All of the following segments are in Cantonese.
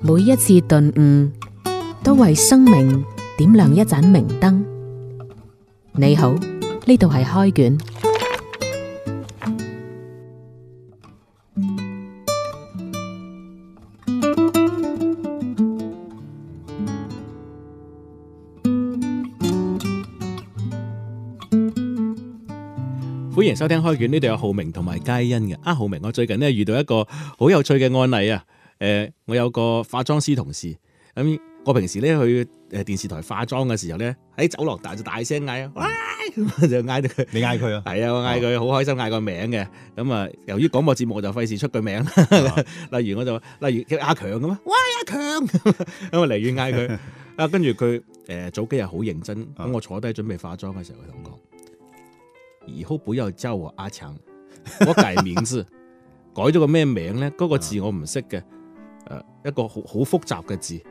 每一次頓悟，都為生命點亮一盞明燈。你好，呢度係開卷。歡迎收聽開卷，呢度有浩明同埋佳欣嘅，啊。浩明，我最近呢遇到一個好有趣嘅案例啊！誒、呃，我有個化妝師同事，咁、嗯、我平時咧去誒電視台化妝嘅時候咧，喺走廊大大就大聲嗌啊，哎嗯、 就嗌佢，你嗌佢啊，係、嗯、啊，我嗌佢好開心，嗌個名嘅，咁、嗯、啊，由於廣播節目我就費事出個名呵呵 例，例如我就，例如叫阿強咁啊，喂阿強，咁啊離遠嗌佢，啊，跟住佢誒早幾日好認真，咁我坐低準備化妝嘅時候，佢同我講，以後不要叫我阿強，我改名字， 改咗個咩名咧？嗰、那個字我唔識嘅。誒，一個好好複雜嘅字，誒、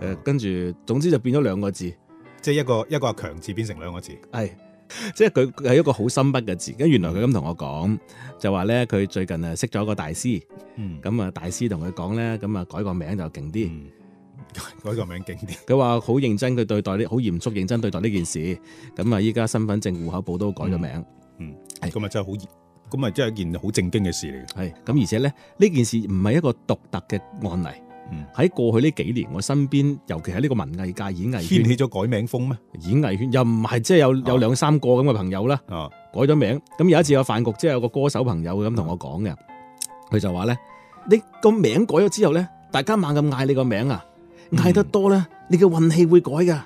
呃，嗯、跟住總之就變咗兩個字，即係一個一個強字變成兩個字，係，即係佢係一個好深筆嘅字，咁原來佢咁同我講，就話咧佢最近誒識咗一個大師，咁啊、嗯、大師同佢講咧，咁啊改個名就勁啲、嗯，改個名勁啲，佢話好認真佢對待呢，好嚴肅認真對待呢件事，咁啊依家身份證戶口簿都改咗名嗯，嗯，咁啊真係好熱。的咁咪真係一件好正經嘅事嚟嘅，係咁而且咧呢、啊、件事唔係一個獨特嘅案例，喺、嗯、過去呢幾年我身邊，尤其係呢個文藝界演藝圈，掀起咗改名風咩？演藝圈又唔係即係有、啊、有兩三個咁嘅朋友啦，啊、改咗名咁有一次有飯局，即係有個歌手朋友咁同我講嘅，佢、嗯、就話咧：你個名改咗之後咧，大家猛咁嗌你個名啊，嗌得多咧，你嘅運氣會改㗎。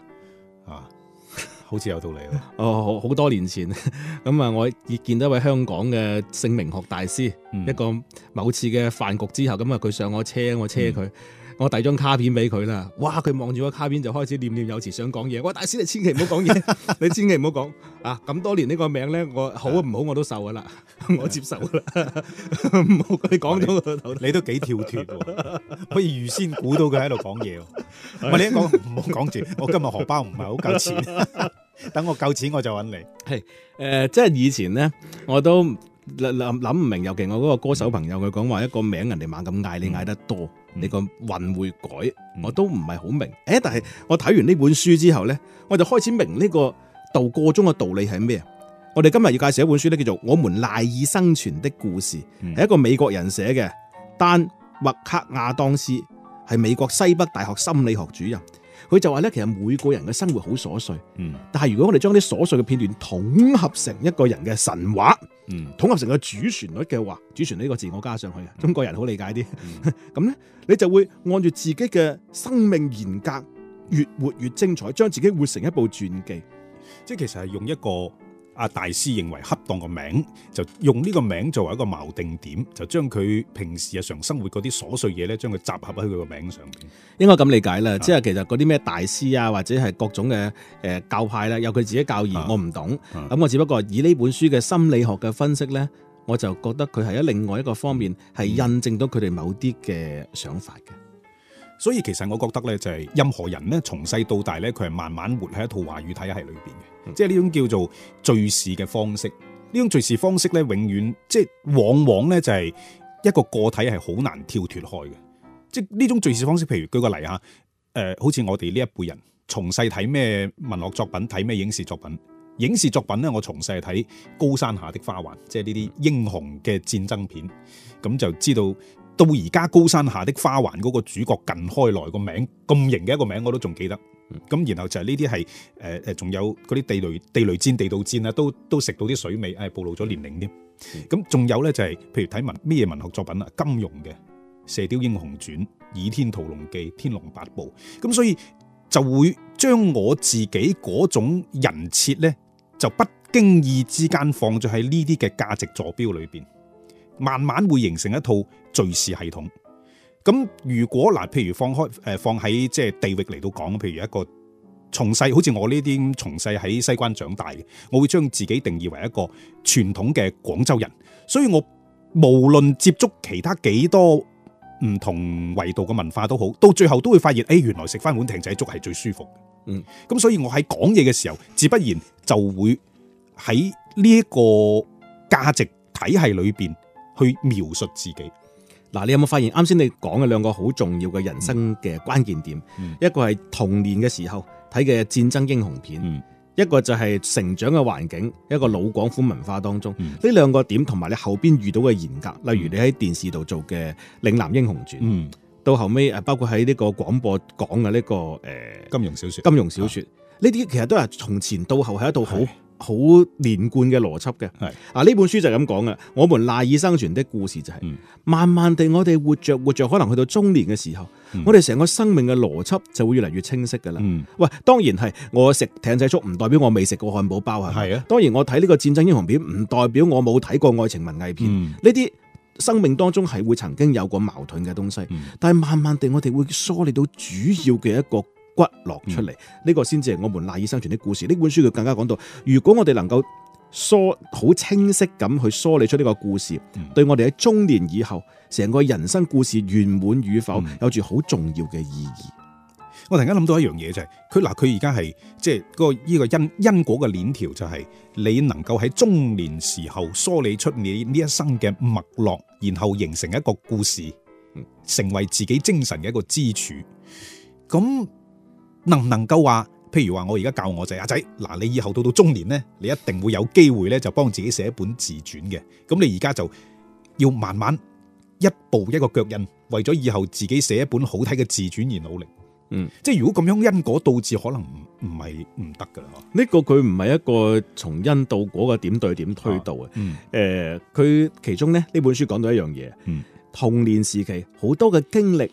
好似有道理哦。好，好多年前，咁 啊、嗯，我見到一位香港嘅姓名學大師，嗯、一個某次嘅飯局之後，咁、嗯、啊，佢上我車，我車佢。嗯我遞張卡片俾佢啦，哇！佢望住個卡片就開始念念有詞，想講嘢。喂，大師你千祈唔好講嘢，你千祈唔好講啊！咁多年呢個名咧，我好唔好我都受噶啦，我接受噶啦。唔好佢講咗，你都幾跳脱，不如預先估到佢喺度講嘢。唔係你一講唔好講住，我今日荷包唔係好夠錢， 等我夠錢我就揾你。係誒、呃，即係以前咧，我都諗諗唔明，尤其我嗰個歌手朋友佢講話，一個名人哋猛咁嗌你嗌得多。你個運會改，我都唔係好明。誒，但係我睇完呢本書之後呢，我就開始明呢個度過中嘅道理係咩？我哋今日要介紹一本書呢，叫做《我們賴以生存的故事》，係一個美國人寫嘅，丹·麥克亞當斯，係美國西北大學心理學主任。佢就話咧，其實每個人嘅生活好瑣碎，嗯，但係如果我哋將啲瑣碎嘅片段統合成一個人嘅神話，嗯，統合成個主旋律嘅話，主旋律呢個字我加上去啊，嗯、中國人好理解啲，咁咧、嗯、 你就會按住自己嘅生命嚴格越活越精彩，將自己活成一部傳記，即係其實係用一個。阿大師認為恰當個名，就用呢個名作為一個錨定點，就將佢平時日常生活嗰啲瑣碎嘢咧，將佢集合喺佢個名上面。應該咁理解啦，的即係其實嗰啲咩大師啊，或者係各種嘅誒、呃、教派啦，有佢自己教義，我唔懂。咁的我只不過以呢本書嘅心理學嘅分析咧，我就覺得佢係喺另外一個方面係印證到佢哋某啲嘅想法嘅。所以其實我覺得咧，就係任何人咧，從細到大咧，佢係慢慢活喺一套話語體系裏邊嘅，嗯、即係呢種叫做敍事嘅方式。呢種敍事方式咧，永遠即係往往咧就係一個個體係好難跳脱開嘅。即係呢種敍事方式，譬如舉個例嚇，誒、呃、好似我哋呢一輩人，從細睇咩文學作品，睇咩影視作品。影視作品咧，我從細睇《高山下的花環》，即係呢啲英雄嘅戰爭片，咁、嗯嗯、就知道。到而家高山下的花環嗰個主角近開來個名咁型嘅一個名我都仲記得，咁、嗯、然後就係呢啲係誒誒，仲、呃、有嗰啲地雷地雷戰、地道戰啊，都都食到啲水味，誒暴露咗年齡添。咁仲、嗯、有呢、就係，就係譬如睇文咩文學作品啊，金庸嘅《射雕英雄傳》《倚天屠龍記》《天龍八部》咁，所以就會將我自己嗰種人設呢，就不經意之間放咗喺呢啲嘅價值座標裏邊，慢慢會形成一套。敘事系統咁，如果嗱，譬如放開誒、呃，放喺即係地域嚟到講，譬如一個從細，好似我呢啲從細喺西關長大嘅，我會將自己定義為一個傳統嘅廣州人。所以我無論接觸其他幾多唔同維度嘅文化都好，到最後都會發現，誒、哎，原來食翻碗艇仔粥係最舒服。嗯，咁所以，我喺講嘢嘅時候，自不然就會喺呢一個價值體系裏邊去描述自己。嗱，你有冇發現啱先你講嘅兩個好重要嘅人生嘅關鍵點？嗯、一個係童年嘅時候睇嘅戰爭英雄片，嗯、一個就係成長嘅環境，一個老廣府文化當中呢、嗯、兩個點，同埋你後邊遇到嘅嚴格，例如你喺電視度做嘅《嶺南英雄傳》，嗯，到後尾誒包括喺呢個廣播講嘅呢、呢個誒、呃、金融小説，金融小説呢啲其實都係從前到後係一套好。好連貫嘅邏輯嘅，係啊，呢本書就係咁講嘅。我們賴以生存的故事就係，慢慢地我哋活着活着，可能去到中年嘅時候，我哋成個生命嘅邏輯就會越嚟越清晰噶啦。喂，當然係我食艇仔粥唔代表我未食過漢堡包啊係咪？係啊。當然我睇呢個戰爭英雄片唔代表我冇睇過愛情文藝片。呢啲生命當中係會曾經有過矛盾嘅東西，但係慢慢地我哋會梳理到主要嘅一個。骨落出嚟，呢、嗯、個先至係我們賴以生存的故事。呢本書佢更加講到，如果我哋能夠梳好清晰咁去梳理出呢個故事，嗯、對我哋喺中年以後成個人生故事圓滿與否，嗯、有住好重要嘅意義。我突然間諗到一樣嘢就係、是，佢嗱佢而家係即係嗰個呢個因因果嘅鏈條就係、是，你能夠喺中年時候梳理出你呢一生嘅脈絡，然後形成一個故事，成為自己精神嘅一個支柱。咁。能唔能夠話？譬如話我而家教我仔阿仔，嗱你以後到到中年咧，你一定會有機會咧就幫自己寫一本自傳嘅。咁你而家就要慢慢一步一個腳印，為咗以後自己寫一本好睇嘅自傳而努力。嗯，即係如果咁樣因果導致，可能唔唔係唔得噶啦。呢個佢唔係一個從因到果嘅點對點推導啊。誒、嗯，佢、呃、其中咧呢本書講到一樣嘢。嗯。童年時期好多嘅經歷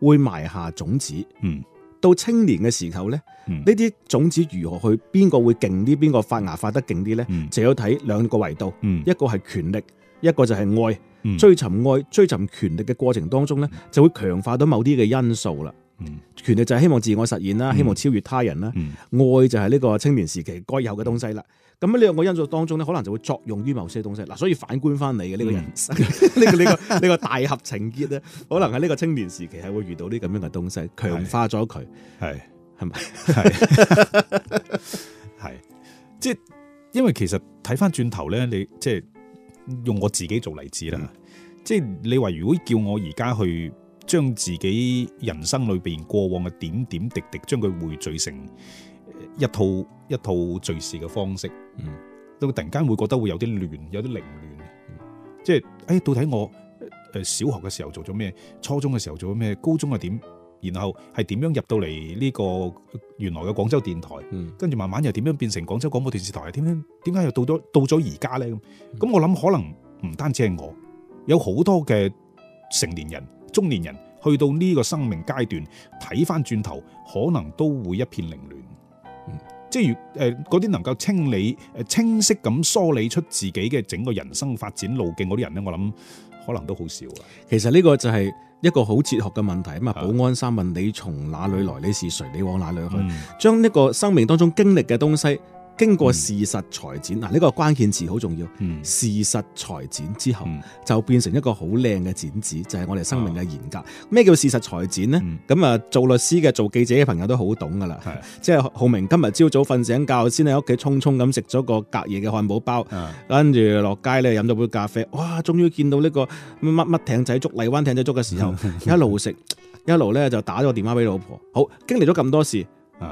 會埋下種子。嗯。到青年嘅時候呢，呢啲種子如何去？邊個會勁啲？邊個發芽發得勁啲呢？嗯、就要睇兩個維度，嗯、一個係權力，一個就係愛。嗯、追尋愛、追尋權力嘅過程當中呢，就會強化到某啲嘅因素啦。嗯、權力就係希望自我實現啦，希望超越他人啦。嗯、愛就係呢個青年時期該有嘅東西啦。咁呢兩個因素當中咧，可能就會作用於某些東西。嗱、啊，所以反觀翻你嘅呢、這個人生，呢、嗯 這個呢、這個呢、這個這個大俠情結咧，可能喺呢個青年時期係會遇到啲咁樣嘅東西，強是化咗佢。係係咪？係，即係因為其實睇翻轉頭咧，你即係用我自己做例子啦。嗯、即係你話如果叫我而家去將自己人生裏邊過往嘅點點滴滴，將佢匯聚成。一套一套敘事嘅方式，嗯，都突然間會覺得會有啲亂，有啲凌亂。嗯、即係誒、哎，到底我誒、呃、小學嘅時候做咗咩？初中嘅時候做咗咩？高中係點？然後係點樣入到嚟呢個原來嘅廣州電台？跟住、嗯、慢慢又點樣變成廣州廣播電視台啊？點樣？點解又到咗到咗而家咧？咁咁，我諗可能唔單止係我，有好多嘅成年人、中年人去到呢個生命階段，睇翻轉頭，可能都會一片凌亂。即係如誒，嗰、呃、啲能夠清理誒清晰咁梳理出自己嘅整個人生發展路徑嗰啲人咧，我諗可能都好少噶。其實呢個就係一個好哲學嘅問題啊嘛。的保安三問：你從哪裏來？你是誰？你往哪裏去？將呢、嗯、個生命當中經歷嘅東西。經過事實裁剪，嗱，呢個關鍵詞好重要。事實裁剪之後，就變成一個好靚嘅剪紙，就係我哋生命嘅嚴格。咩叫事實裁剪呢？咁啊，做律師嘅、做記者嘅朋友都好懂噶啦。即係浩明今日朝早瞓醒覺，先喺屋企匆匆咁食咗個隔夜嘅漢堡包，跟住落街咧飲咗杯咖啡。哇！終於見到呢個乜乜艇仔粥、荔灣艇仔粥嘅時候，一路食一路咧就打咗個電話俾老婆。好，經歷咗咁多事。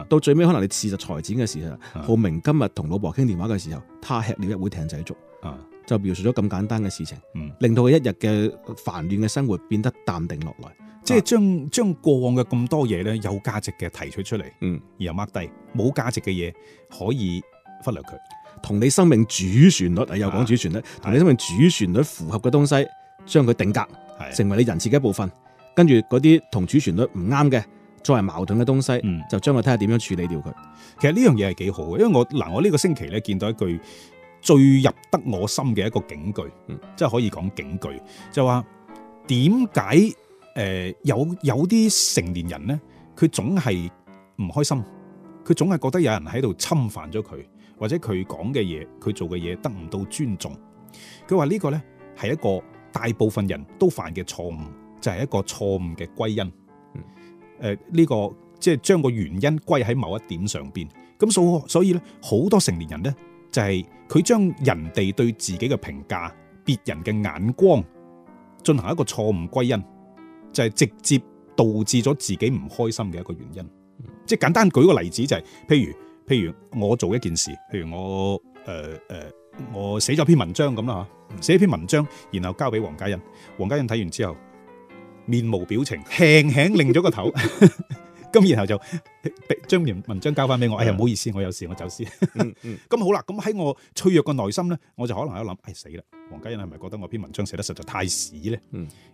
到最尾可能你事實裁剪嘅時候， 浩明今日同老婆傾電話嘅時候，他吃了一碗艇仔粥，就描述咗咁簡單嘅事情，嗯、令到佢一日嘅煩亂嘅生活變得淡定落來，啊、即係將將過往嘅咁多嘢呢，有價值嘅提取出嚟，嗯，然後 mark 低冇價值嘅嘢可以忽略佢，同你生命主旋律又講主旋律，同你生命主旋律符合嘅東西，將佢定格，成為你人設嘅一部分，跟住嗰啲同主旋律唔啱嘅。作為矛盾嘅東西，嗯、就將佢睇下點樣處理掉佢。其實呢樣嘢係幾好嘅，因為我嗱、呃，我呢個星期咧見到一句最入得我心嘅一個警句，即係、嗯、可以講警句，就話點解誒有有啲成年人咧，佢總係唔開心，佢總係覺得有人喺度侵犯咗佢，或者佢講嘅嘢、佢做嘅嘢得唔到尊重。佢話呢個咧係一個大部分人都犯嘅錯誤，就係、是、一個錯誤嘅歸因。誒，呢、呃這個即係將個原因歸喺某一點上邊，咁所所以咧，好多成年人咧就係、是、佢將人哋對自己嘅評價、別人嘅眼光進行一個錯誤歸因，就係、是、直接導致咗自己唔開心嘅一個原因。嗯、即係簡單舉個例子就係、是，譬如譬如我做一件事，譬如我誒誒、呃呃、我寫咗篇文章咁啦吓，寫一篇文章，篇文章然後交俾王家欣，王家欣睇完之後。面無表情，輕輕擰咗個頭，咁 然後就將篇文章交翻俾我。 哎呀，唔好意思，我有事，我先走先。咁 好啦，咁喺我脆弱嘅內心咧，我就可能喺度諗：哎死啦，黃家欣係咪覺得我篇文章寫得實在太屎咧？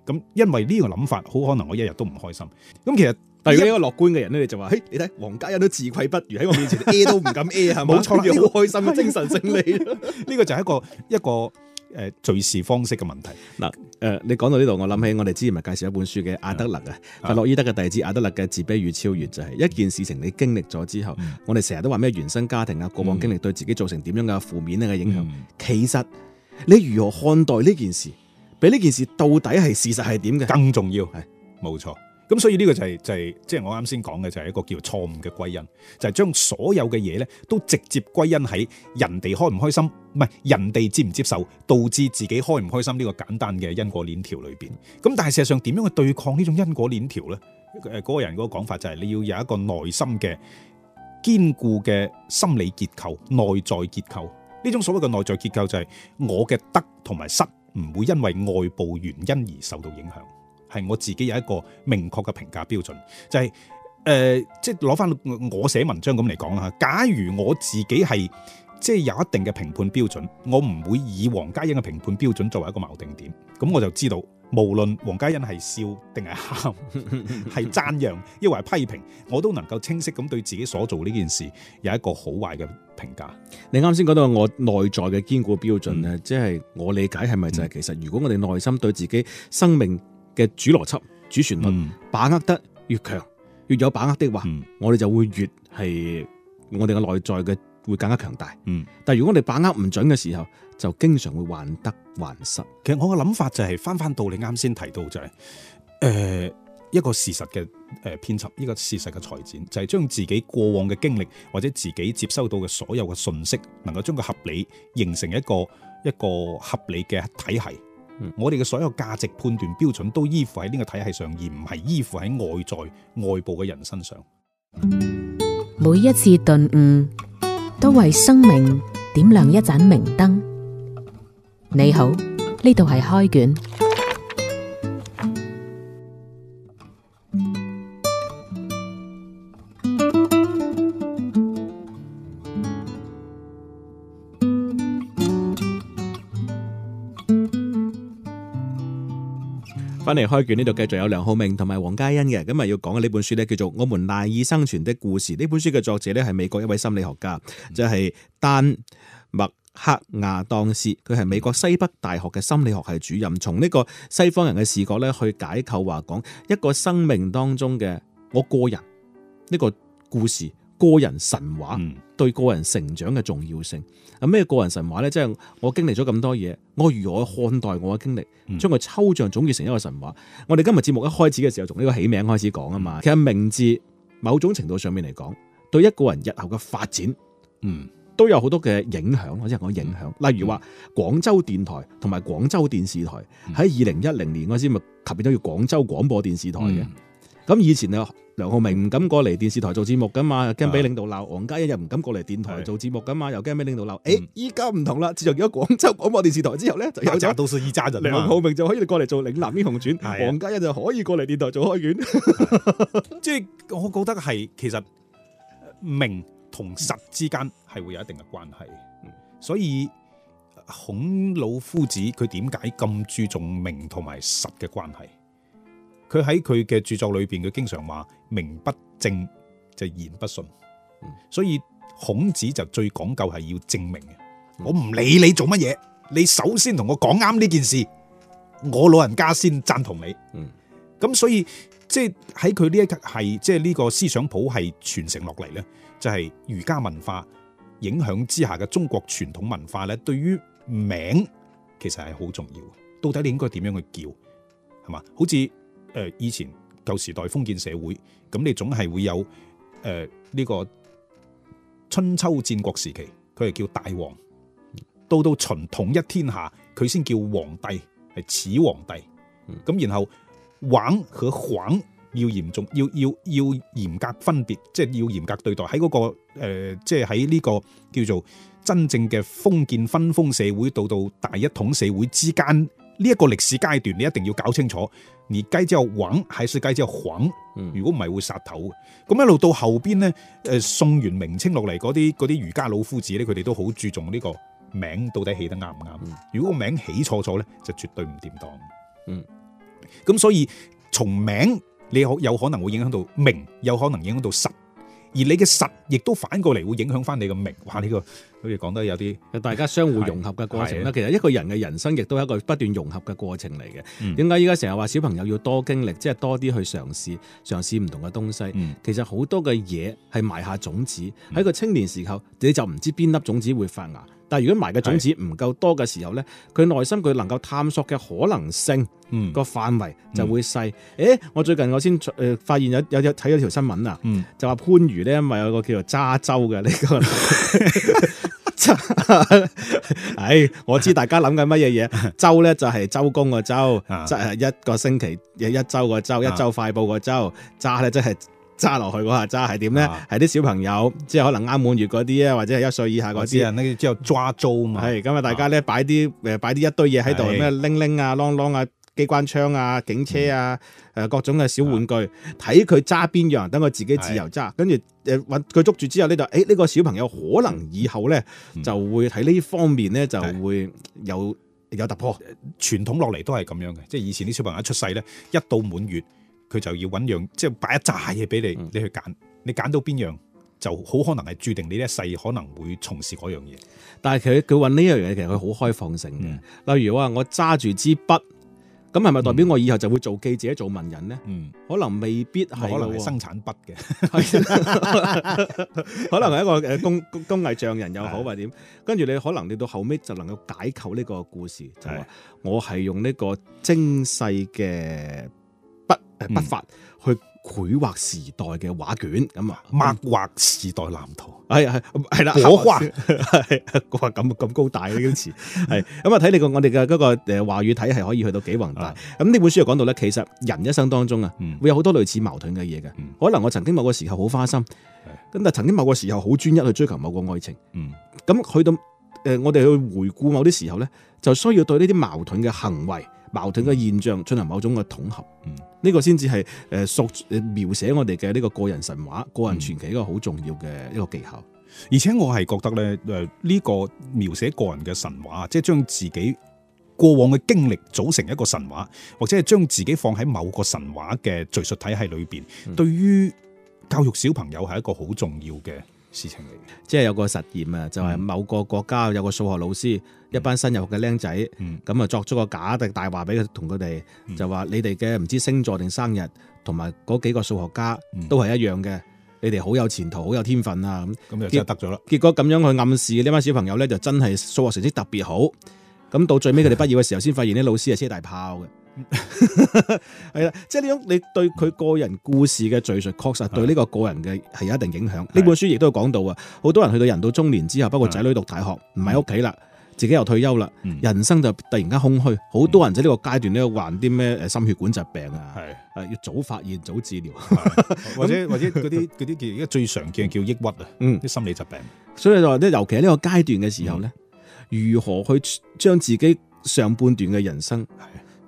咁 因為呢個諗法，好可能我一日都唔開心。咁其實，但如果一個樂觀嘅人咧，你就話，哎，你睇黃家欣都自愧不如，喺我面前，A、呃、都唔敢 A 係冇錯，好開心嘅精神勝利。呢個就係一個一個誒敘、呃、事方式嘅問題。嗱。誒，你講到呢度，我諗起我哋之前咪介紹一本書嘅阿德勒啊，弗洛伊德嘅弟子阿德勒嘅自卑與超越，就係、是、一件事情你經歷咗之後，嗯、我哋成日都話咩原生家庭啊，過往經歷對自己造成點樣嘅負面嘅影響。嗯、其實你如何看待呢件事，比呢件事到底係事實係點嘅更重要。係冇錯。咁所以呢個就係就係即係我啱先講嘅就係一個叫錯誤嘅歸因，就係將所有嘅嘢咧都直接歸因喺人哋開唔開心，唔係人哋接唔接受，導致自己開唔開心呢個簡單嘅因果鏈條裏邊。咁但係事實上點樣去對抗呢種因果鏈條咧？誒，嗰個人嗰個講法就係你要有一個內心嘅堅固嘅心理結構、內在結構。呢種所謂嘅內在結構就係我嘅得同埋失唔會因為外部原因而受到影響。係我自己有一個明確嘅評價標準，就係、是、誒、呃，即係攞翻我寫文章咁嚟講啦。假如我自己係即係有一定嘅評判標準，我唔會以黃家欣嘅評判標準作為一個錨定點，咁我就知道，無論黃家欣係笑定係喊，係 讚揚抑或係批評，我都能夠清晰咁對自己所做呢件事有一個好壞嘅評價。你啱先講到我內在嘅堅固標準咧，即係、嗯、我理解係咪就係其實如果我哋內心對自己生命嘅主邏輯、主旋律，嗯、把握得越強，越有把握的話，嗯、我哋就會越係我哋嘅內在嘅會更加強大。嗯，但如果你把握唔準嘅時候，就經常會患得患失。其實我嘅諗法就係翻翻到你啱先提到就係、是，誒、呃、一個事實嘅誒編輯，一個事實嘅裁剪，就係、是、將自己過往嘅經歷或者自己接收到嘅所有嘅信息，能夠將佢合理形成一個一個合理嘅體系。我哋嘅所有價值判斷標準都依附喺呢個體系上，而唔係依附喺外在外部嘅人身上。每一次頓悟都為生命點亮一盞明燈。你好，呢度係開卷。今日開卷呢度繼續有梁浩明同埋黃嘉欣嘅，咁啊要講嘅呢本書呢，叫做《我們賴以生存的故事》。呢本書嘅作者呢，係美國一位心理學家，就係、是、丹麥克亞當斯，佢係美國西北大學嘅心理學系主任，從呢個西方人嘅視角呢，去解構話講一個生命當中嘅我個人呢、這個故事。個人神話對個人成長嘅重要性啊？咩個人神話呢？即係我經歷咗咁多嘢，我如何看待我嘅經歷，將佢抽象總結成一個神話？我哋今日節目一開始嘅時候，從呢個起名開始講啊嘛。嗯、其實名字某種程度上面嚟講，對一個人日後嘅發展，嗯，都有好多嘅影響咯。即係我影響，例如話廣州電台同埋廣州電視台喺二零一零年嗰陣時咪及咗叫廣州廣播電視台嘅。嗯咁以前啊，梁浩明唔敢過嚟電視台做節目噶嘛，又驚俾領導鬧；王家欣又唔敢過嚟電台做節目噶嘛，的又驚俾領導鬧。誒、嗯，依家唔同啦，自從咗廣州廣播電視台之後咧，就有渣都是二渣人。梁浩明就可以過嚟做嶺南英雄傳，的王家欣就可以過嚟電台做開卷。即係的 我覺得係其實名同實之間係會有一定嘅關係，所以孔老夫子佢點解咁注重名同埋實嘅關係？佢喺佢嘅著作裏邊，佢經常話名不正就言不順，所以孔子就最講究係要正名。嗯、我唔理你做乜嘢，你首先同我講啱呢件事，我老人家先贊同你。咁、嗯、所以即係喺佢呢一個係即係呢個思想譜係傳承落嚟咧，就係、是、儒家文化影響之下嘅中國傳統文化咧。對於名其實係好重要，到底你應該點樣去叫係嘛？好似。誒以前舊時代封建社會，咁你總係會有誒呢、呃這個春秋戰國時期，佢係叫大王；嗯、到到秦統一天下，佢先叫皇帝，係始皇帝。咁、嗯、然後王和皇要嚴重，要要要嚴格分別，即、就、係、是、要嚴格對待喺嗰、那個誒、即係喺呢個叫做真正嘅封建分封社會到到大一統社會之間。呢一個歷史階段，你一定要搞清楚。而雞之後揾喺水雞之後揾，嗯、如果唔係會殺頭嘅。咁一路到後邊咧，誒宋元明清落嚟嗰啲嗰啲儒家老夫子咧，佢哋都好注重呢個名到底起得啱唔啱。嗯、如果個名起錯錯咧，就絕對唔掂當。嗯，咁所以從名你可有，有可能會影響到名，有可能影響到實。而你嘅實亦都反過嚟會影響翻你嘅名，哇！呢、這個好似講得有啲，大家相互融合嘅過程啦。 的其實一個人嘅人生亦都係一個不斷融合嘅過程嚟嘅。點解依家成日話小朋友要多經歷，即、就、係、是、多啲去嘗試，嘗試唔同嘅東西？嗯、其實好多嘅嘢係埋下種子，喺個青年時候你就唔知邊粒種子會發芽。但係如果埋嘅種子唔夠多嘅時候咧，佢內心佢能夠探索嘅可能性，個、嗯、範圍就會細。誒、嗯欸，我最近我先誒發現有有有睇咗條新聞啊，嗯、就話番禺咧因為有個叫做渣州嘅呢個，唉、 哎，我知大家諗緊乜嘢嘢？州咧就係周公個周，即係 一個星期嘅一週個週，一週快報個週，渣咧即係。就是揸落去嗰下揸係點咧？係啲、啊、小朋友，即係可能啱滿月嗰啲啊，或者係一歲以下嗰啲啊，呢之後抓周嘛。係咁是啊，啊！大家咧擺啲誒，擺啲一堆嘢喺度，咩鈴鈴啊、啷啷啊、機關槍啊、警車啊，誒，嗯、各種嘅小玩具，睇佢揸邊樣，等佢自己自由揸。跟住誒，搵佢捉住之後，呢就誒，呢個小朋友可能以後咧就會喺呢方面咧就會有有突破。傳統落嚟都係咁樣嘅，即係、就是、以前啲小朋友一出世咧，一到滿月。佢就要揾樣，即係擺一扎嘢俾你，你去揀，你揀到邊樣，就好可能係注定你一世可能會從事嗰樣嘢。但係佢佢揾呢樣嘢，其實佢好開放性嘅。嗯、例如話我揸住支筆，咁係咪代表我以後就會做記者、嗯、做文人咧？可能未必係、嗯，可能係生產筆嘅，的 可能係一個誒工工藝匠人又好，的或點？跟住你可能你到後尾就能夠解構呢個故事，就話我係用呢個精細嘅。不法去繪畫時代嘅畫卷，咁啊、嗯，擘畫時代藍圖，係係係啦，我畫畫咁咁高大嘅呢個詞，係咁啊，睇你、 啊、個我哋嘅嗰個誒話語體系可以去到幾宏大？咁呢、啊、本書就講到咧，其實人一生當中啊，嗯、會有好多類似矛盾嘅嘢嘅，可能我曾經某個時候好花心，咁、啊、但曾經某個時候好專一去追求某個愛情，咁、嗯、去到誒、呃、我哋去回顧某啲時候咧，就需要對呢啲矛盾嘅行為。矛盾嘅現象進行某種嘅統合，呢、嗯、個先至係誒述描寫我哋嘅呢個個人神話、嗯、個人傳奇一個好重要嘅一個技巧。而且我係覺得咧，誒、呃、呢、這個描寫個人嘅神話，即係將自己過往嘅經歷組成一個神話，或者係將自己放喺某個神話嘅敘述體系裏邊，嗯、對於教育小朋友係一個好重要嘅事情嚟，即係有個實驗啊，就係、是、某個國家有個數學老師，嗯、一班新入學嘅僆仔，咁啊、嗯、作咗個假嘅大話俾佢，同佢哋就話你哋嘅唔知星座定生日，同埋嗰幾個數學家都係一樣嘅，嗯、你哋好有前途，好有天分啊！咁咁又真係得咗啦，結果咁樣去暗示呢班小朋友呢，就真係數學成績特別好，咁到最尾佢哋畢業嘅時候，先發現啲老師係車大炮嘅。 係啦，即係呢種你對佢個人故事嘅敘述，確實對呢個個人嘅係有一定影響。呢本書亦都係講到啊，好多人去到人到中年之後，包括仔女讀大學唔喺屋企啦，自己又退休啦，人生就突然間空虛。好多人喺呢個階段咧，患啲咩誒，心血管疾病啊，係要早發現早治療，或者或者嗰啲啲叫而家最常見叫抑鬱啊，啲心理疾病。所以就話尤其喺呢個階段嘅時候咧，如何去將自己上半段嘅人生，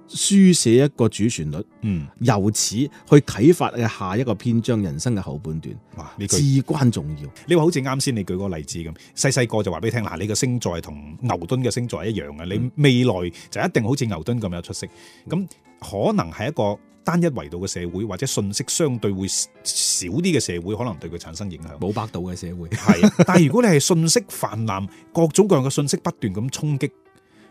書寫一個主旋律，嗯，由此去啟發你嘅下一個篇章，人生嘅後半段，哇，至關重要。你話好似啱先你舉嗰個例子咁，細細個就話俾你聽，嗱，你個星座同牛頓嘅星座一樣嘅，你未來就一定好似牛頓咁有出息。咁、嗯、可能係一個單一維度嘅社會，或者信息相對會少啲嘅社會，可能對佢產生影響。冇百度嘅社會係，是 但係如果你係信息泛濫，各種各種各樣嘅信息不斷咁衝擊。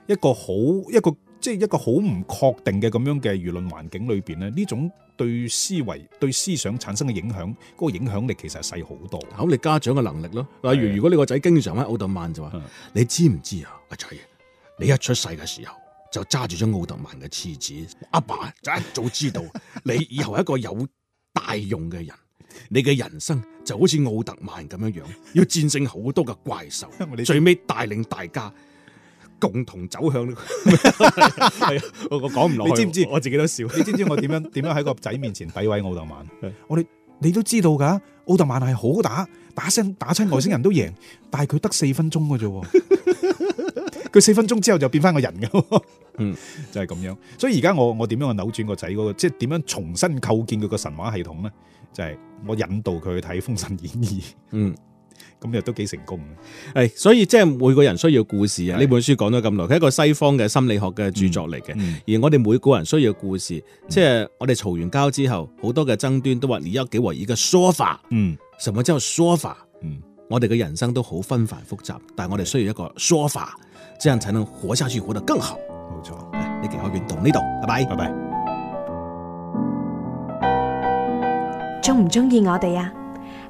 一個好一個即係一個好唔確定嘅咁樣嘅輿論環境裏邊咧，呢種對思維對思想產生嘅影響，嗰個影響力其實係細好多。考你家長嘅能力咯。例如，的如果你個仔經常喺奧特曼就話：的你知唔知啊？阿仔，你一出世嘅時候就揸住咗奧特曼嘅廁紙。阿爸就一早知道你以後係一個有大用嘅人。 你嘅人生就好似奧特曼咁樣樣，要戰勝好多嘅怪獸， 最尾帶領大家。共同走向， 呢個我講唔落。你知唔知？我自己都笑。你知唔知我點樣點 樣喺個仔面前詆毀奧特曼？ 我哋，你都知道噶，奧特曼係好打，打聲打親外星人都贏，但係佢得四分鐘嘅啫。佢 四分鐘之後就變翻個人嘅。嗯， 就係咁樣。所以而家我我點樣去扭轉個仔嗰個，即係點樣重新構建佢個神話系統咧？就係、是、我引導佢去睇《封神演義》。嗯。今日都幾成功，係、哎、所以即係每個人需要故事啊！呢本書講咗咁耐，佢係一個西方嘅心理學嘅著作嚟嘅。而我哋每個人需要故事，即係的、嗯、我哋嘈完交之後，好多嘅爭端都話你要給我一個說法。嗯，什麼叫說法？嗯，我哋嘅人生都好紛繁複雜，但係我哋需要一個說法，這樣才能活下去，活得更好。冇錯錯、啊，你繼可閱讀呢度，拜拜，拜拜。中唔中意我哋啊？